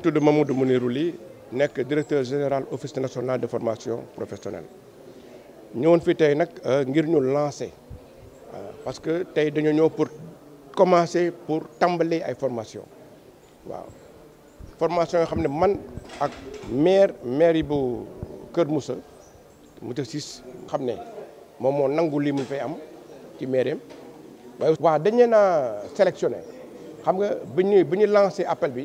Tout de Mamadou Mounirou Ly directeur général office national de formation professionnelle ñëwoon fi tey nag euh, ngir ñu lancer euh, parce que tey dañu ñëw pour commencer pour tàmbali ay formation waaw formation yoo xam man ak maire maire bu Kër Moussa Moussa Ciss xam ne moom moo nangu lii mu fay am ci maire am waaye waaw sélectionné xam nga bi ñu lancé appel bi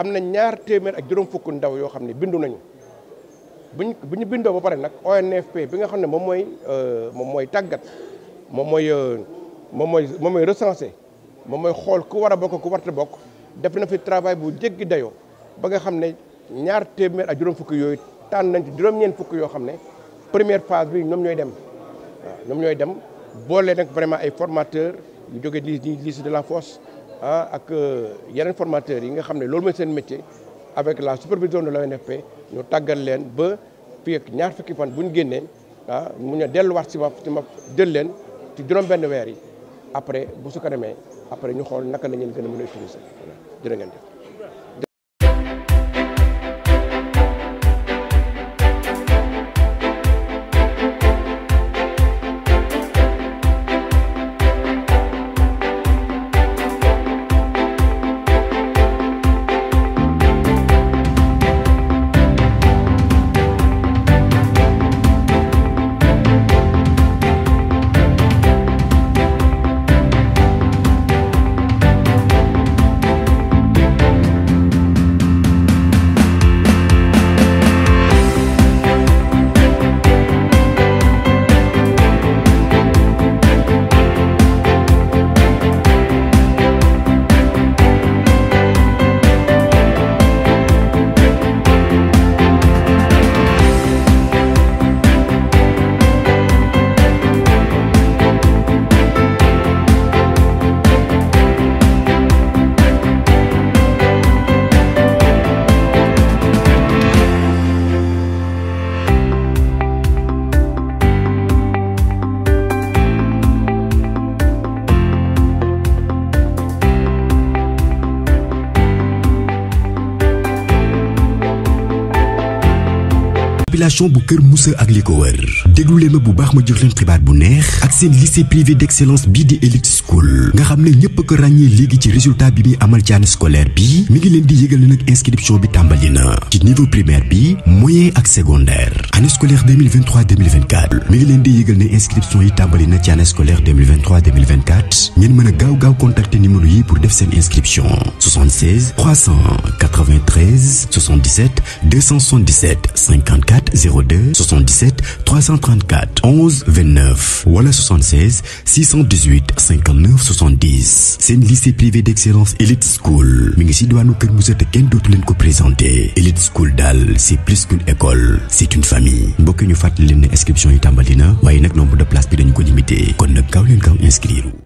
am na ñaar téeméer ak juróom fukk ndaw yoo xam ne bindu nañu buñ bu ñu bindoo ba pare nag ONFP bi nga xam ne moom mooy euh, moom mooy tàggat moom mooy euh, moom mooy moom mooy recensé moom mooy xool ku war a bokk ku warta bokk def na fi travail bu jéggi dayoo ba nga xam ne ñaar téeméer ak juróom fukk yooyu tànn nañ ci juróom-ñeent fukk yoo xam ne première phase bi ñoom ñooy dem waaw ñoom ñooy dem boole nag vraiment ay formateurs yu jógee di lycée de la Fosse ah ak euh, yeneen formateurs yi nga xam ne loolu ma seen métier avec la supervision de l'ONFP ñu tàggal leen ba fii ak ñaar fukki fan bu ñu génnee ah mu ñu delluwaat si ma si ma jël leen ci juróom-benn weer yi après bu su ko demee après ñu xool naka la ñuy gën a mën a utiliser ngeen population bu Kër Moussa ak li ko déglu bu baax ma jox leen xibaar bu neex ak seen lycée privé d'excellence bii di Elite School nga xam ne ñëpp ko ràññee léegi ci résultat bi muy amal ci scolaire bi mi ngi leen di yëgal inscription bi tàmbali ci niveau primaire bi moyen ak secondaire année scolaire 2023 2024 mi ngi leen di yëgal ne inscription yi tàmbali na ci scolaire 2023 2024 ngeen mën a gaaw gaaw contacter numéro yi pour def seen inscription 76 393 77 277 54 02 77 330 34 11 29 wala 76 618 59 70 c'est une lycée privé d'excellence Elite School mais si doit nous présenter te Elite School dal c'est plus qu'une école c'est une famille mbokk ñu fàttali leen l'inscription inscription yi tàmbali na nombre de places bi nous ko limité kon nag inscrire